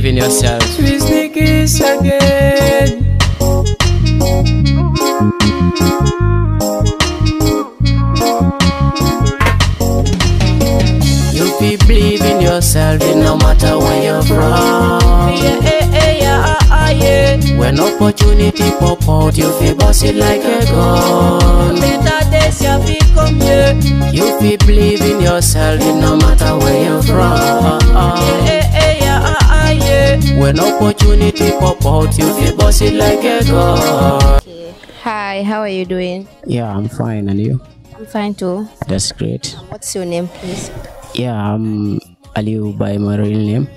believe in yourself. We sneakies again. You be believe in yourself, in no matter where you're from. Yeah, yeah, yeah, ah, yeah. When opportunity pop out, you feel boss it like a gun. Better days, you be come You be believe in yourself, in no opportunity pop out, you feel boss it like a god. Okay. Hi, how are you doing? Yeah, I'm fine. And you? I'm fine too. That's great. Um, what's your name, please? Yeah, I'm Aliu by my real name,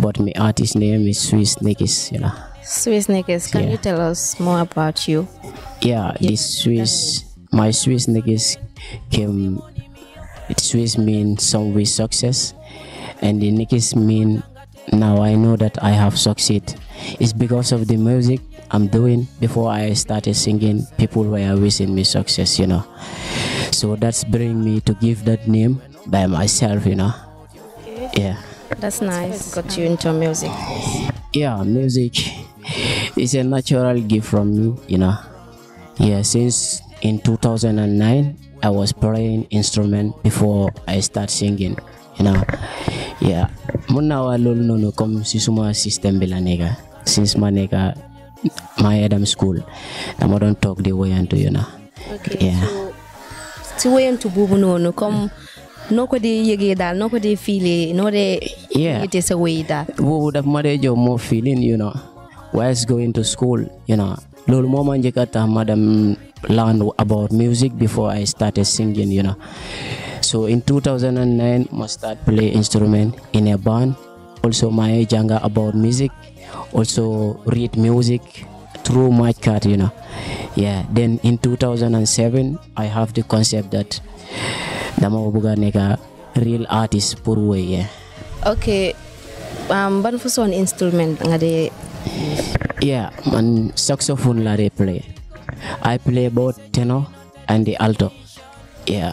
but my artist name is Swiss Nikis. You know. Swiss Nikis, can yeah. you tell us more about you? Yeah, the Swiss, my Swiss Nikis came. It Swiss means some way success, and the Nikis mean now I know that I have succeed. It's because of the music I'm doing. Before I started singing, people were wishing me success, you know. So that's bring me to give that name by myself, you know. Yeah. That's nice. Got you into music. Yeah, music is a natural gift from me, you know. Yeah, since in 2009, I was playing instrument before I start singing, you know. yeah mun naa waa loolu noonu comme si suma système bi la nekk since ma nekk maa dem school dama doon toog di woyantu yu noonu comme noo ko dee yëgee daal noo ko dee fiilee noo dee yëgee sa wéy daal boobu daf ma dee jox moo feeling you know whilst going to school you know loolu moo ma njëkk a tax ma dem learn about music before I started singing you know So in 2009, I start play instrument in a band. Also my younger about music. Also read music through my card, you know. Yeah. Then in 2007, I have the concept that Damawabuga nega real artist pur way. Yeah. Okay. Um, but for an instrument ngade. Yeah, man saxophone la play. I play both tenor and the alto. Yeah.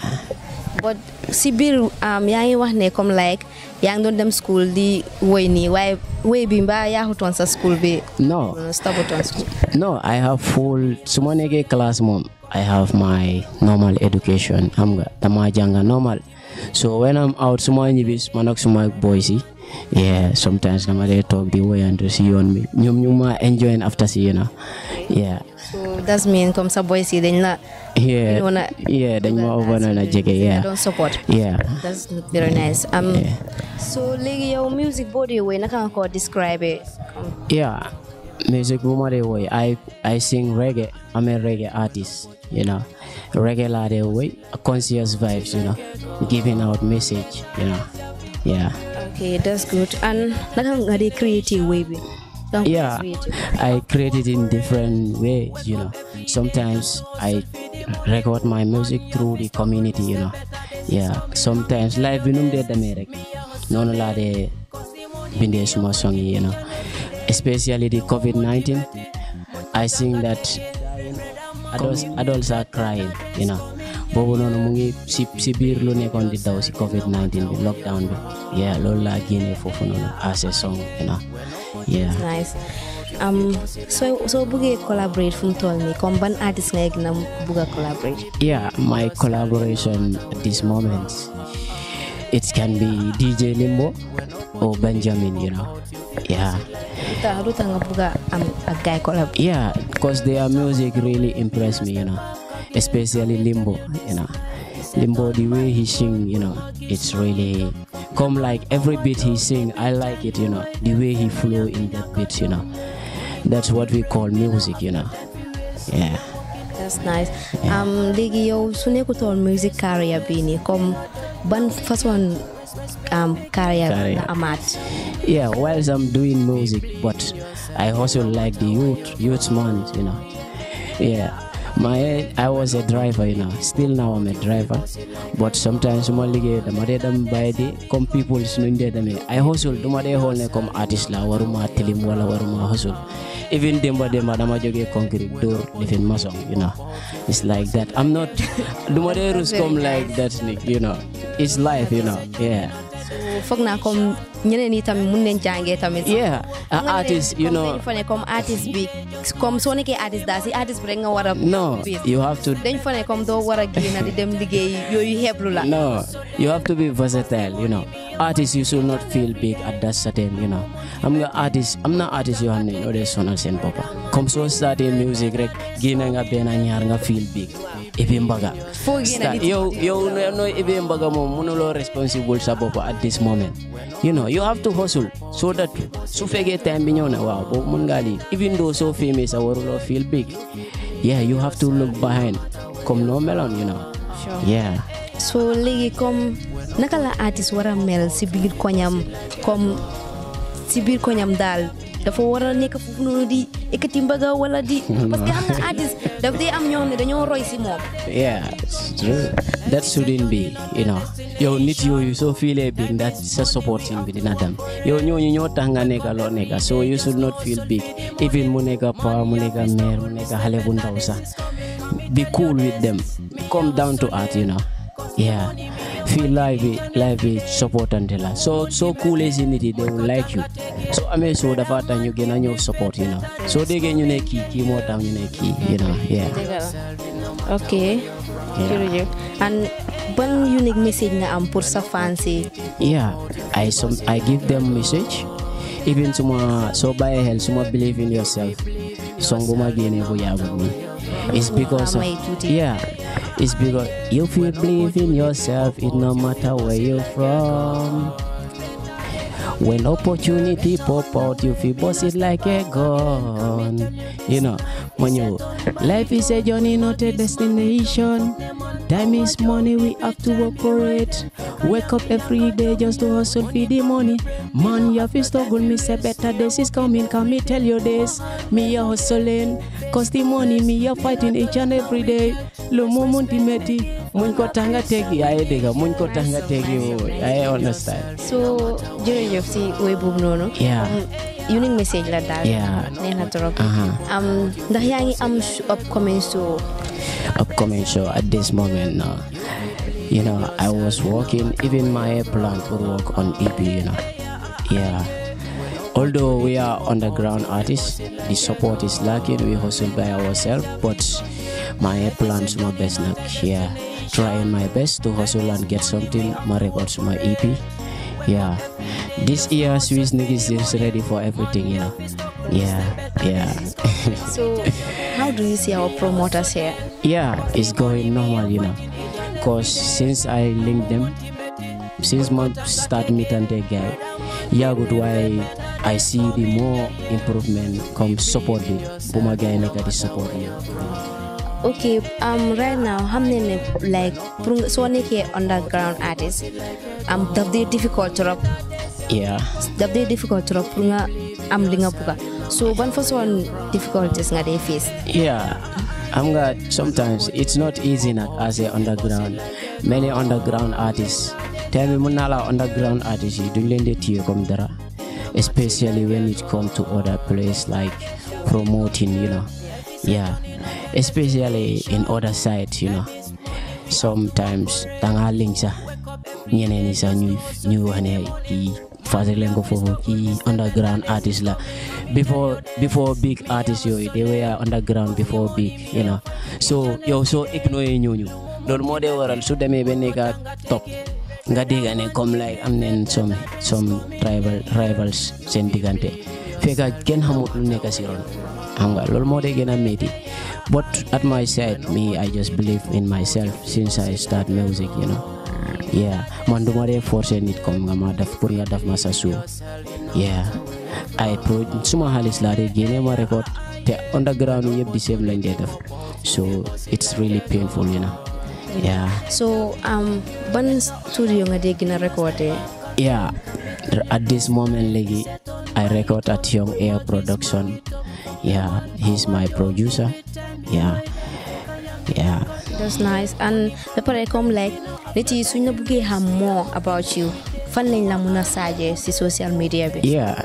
but si biir um, yaa ngi wax ne comme like yaa ngi doon dem school di woy nii waaye woy bi mbaa yaaxutoon sa school bi. non stoputoon school. no I have full su ma nekkee classe moom I have my normal education xam nga dama jànga normal so when I'm out su ma ñibbi man ak suma boys yi yeah sometimes dama dee toog di woyantu si yoon bi ñoom ñu ma enjoy after si yéen yeah so that's mean comme sa boy si dañ la yeah yeah dañ ma over na jege yeah don't support yeah that's not very nice um yeah. so like yow music body way naka nga ko describe it yeah music woman they way i i sing reggae i'm a reggae artist you know regular the way conscious vibes you know giving out message you know yeah okay that's good and naka nga di creative way be. That yeah, I create it in different ways, you know. Sometimes I record my music through the community, you know. Yeah, sometimes live binum de the No no la de binde suma song, you know. Especially the COVID-19, I think that adults, adults are crying, you know. boobu noonu mu ngi si si biir lu nekkoon di daw si covid 19 bi lockdown bi yeah loolu laa génnee foofu noonu as a song you know yeah. It's nice. Um, so so buge collaborate from Tolni. Komban artist na egna buga collaborate. Yeah, my collaboration at this moment, it can be DJ Limbo or Benjamin. You know, yeah. Um, yeah, because their music really impressed me, you know, especially Limbo, you know. Limbo, the way he sing, you know, it's really come like every beat he sing, I like it, you know, the way he flow in that beat, you know. That's what we call music, you know. Yeah. That's nice. Yeah. Um, léegi yow su nekkutoon music career bi Come, comme first one, um, career Career. Amat. Yeah, whilst I'm doing music, but I also like the youth, youth month, you know. Yeah my I was a driver, you know. Still now I'm a driver, but sometimes malige the madam by the come people sununde the me. I hustle, do my whole ne come artist la waruma tilim wala waruma hustle. Even them demba demba dama joge concrete door living mason, you know. It's like that. I'm not do my come like that, you know. It's life, you know. Yeah so naa comme ñeneen yi tamit mun nañ jàngee tamit yeah artist you know dañ fa ne comme artist bi comme soo nekkee artist daal si artist bi rek nga war a no you have to dañ fa ne comme doo war a génn di dem liggéey yooyu xeeblu la no you have to be versatile you know artist you should not feel big at that certain you know am nga artist am na artist yoo xam ne ñoo dee sonal seen boppa comme soo startee music rek génn nga benn ñaar nga feel big e be mbaga Yo yow no e be mbaga mom mënuloo responsible sa bopp at this moment you know you have to hustle so that su fekkee time bi ñëw na waaw boobu mën ngaa even though so famous a lo feel big yeah you have to look behind Come noo meloon you know sure. yeah so léegi comme naka la artiste war mel si biir koñam comme si biir koñam daal dafa war a nekk foofu noonu di ekkati mbaga wala di. parce que xam nga am ñoo xam dañoo roy si moom. yeah true that shouldn't be you know yow nit yu soo fiilee big that sa supporting bi dina dem yow ñooñu ñoo tax nga nekk loo nekk so you should not feel big even mu nekk pa mu nekk mère mu nekk xale bu ndaw sax be cool with them come down to earth you know Feel live it, live bi supportante la So so cool is nit it they will like you So soo amee soo dafa tax you get, a ñëw support you know So they get you ne kii kii more time you ne kii you know yeah ok Yeah. and you unique message nga am pour sa fans yeah I some I give them message even suma so bàyyee xel suma believe in yourself song bu ma génnee bu with me it's because of yeah it's because if you believe in yourself, it no matter where you're from. When opportunity pop out, you feel boss it like a gun. You know, when you life is a journey, not a destination. Diamonds, money, we have to work for it. Wake up every day just to hustle for the money. Man, you have to struggle, me say better days is coming. Can me tell you this? Me a hustling, cause the money me a fighting each and every day. Lo mumundi meti, munko tanga tegi, aye diga, munko tanga tegi, I understand. So, during your see, we boom no no? Yeah. Um, unique message la daal yeah. neex Uh huh. Um, ndax yaa ngi am upcoming so upcoming show at this moment now. Uh, you know, I was working, even my plant would work on EP, you know. Yeah. Although we are underground artists, the support is lacking, we hustle by ourselves, but my plans my best now. Yeah. Trying my best to hustle and get something, my records, my EP. Yeah. This year Swiss niggas is ready for everything, you know. Yeah, yeah. so How do you see our promoters here? Yeah, it's going normal, you know, because since I linked them, since month start meeting and guy, yeah, good why I see the more improvement come support it. Buma guy naka the support you. Okay, um, right now, how many like so here underground artists? Um, the difficult to Yeah. The difficult to am li nga so one first one difficulties nga dey face yeah I'm got sometimes it's not easy not as a underground many underground artists tell me mun la underground artists you duñ leen di téye comme especially when it come to other place like promoting you know yeah especially in other side you know sometimes danga link sa ñi sa ñuy ñuy wax Fazilengo for ko underground artist la before before big artist yo, they were underground before big you know so yo, so ignoré ñooñu loolu moo dee waral they demee ba nekk top nga and ne like and then some some tribal rivals seen diggante fekk kenn xamut lu nekk si ron xam nga loolu a but at my side me I just believe in myself since I start music you know yeah man duma dee forcer nit Come, nga ma def pour nga def ma sa suuf yeah ay pro suma xaalis laa dee génne ma record te underground yu yëpp di save lañ dee def so it's really painful you know yeah so um ban studio nga dee gën a yeah at this moment léegi I record at Young Air Production yeah he's my producer yeah yeah that's nice and dapare comme like nit yi suñ la bëggee xam moo about you fan lañ la mën a saajee si social media bi yeah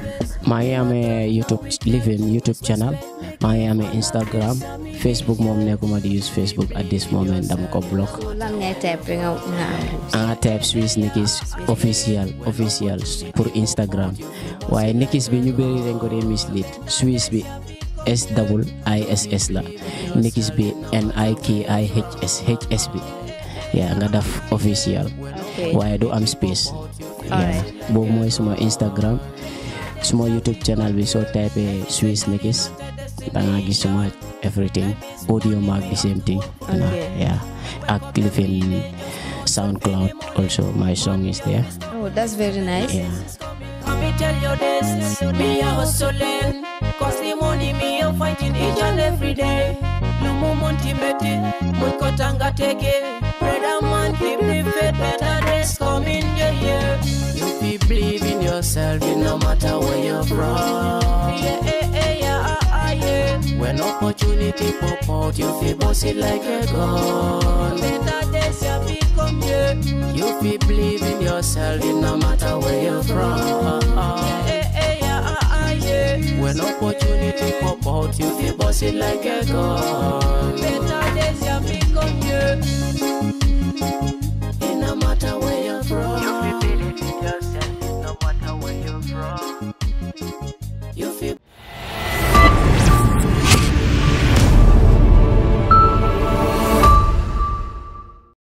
maa ngi amee YouTube living YouTube channel maa ngi amee Instagram Facebook moom nekkuma di use Facebook at this moment dama ko block lan ngay type nga ah type Swiss Nikis official official pour Instagram waaye Nikis bi ñu bëri dañ ko dee mislead Swiss bi S double I S S la Nikis B N I K I H S H S B ya nga def official Why do am space boobu mooy suma Instagram semua YouTube channel bi type Swiss Nikis danga gis semua everything audio mark the same thing yeah ak living ya. SoundCloud also my song is there oh that's very nice yeah. tell you this, be a cause the money me fighting each and every day. Lumu Muntibeti, Munkotanga teke. Brother man, keep the faith, better days coming, yeah, yeah. You be believe in yourself, it no matter where you're from. Yeah, yeah, yeah, yeah, ah, ah yeah. When opportunity pop out, you feel boss it like a gun. Better days, yeah, become, yeah. You be believe in yourself, it no matter where you're from. Yeah, yeah. When opportunity pop out, you feel bust it like a gun. Better days, you be come here. It no matter where you're from.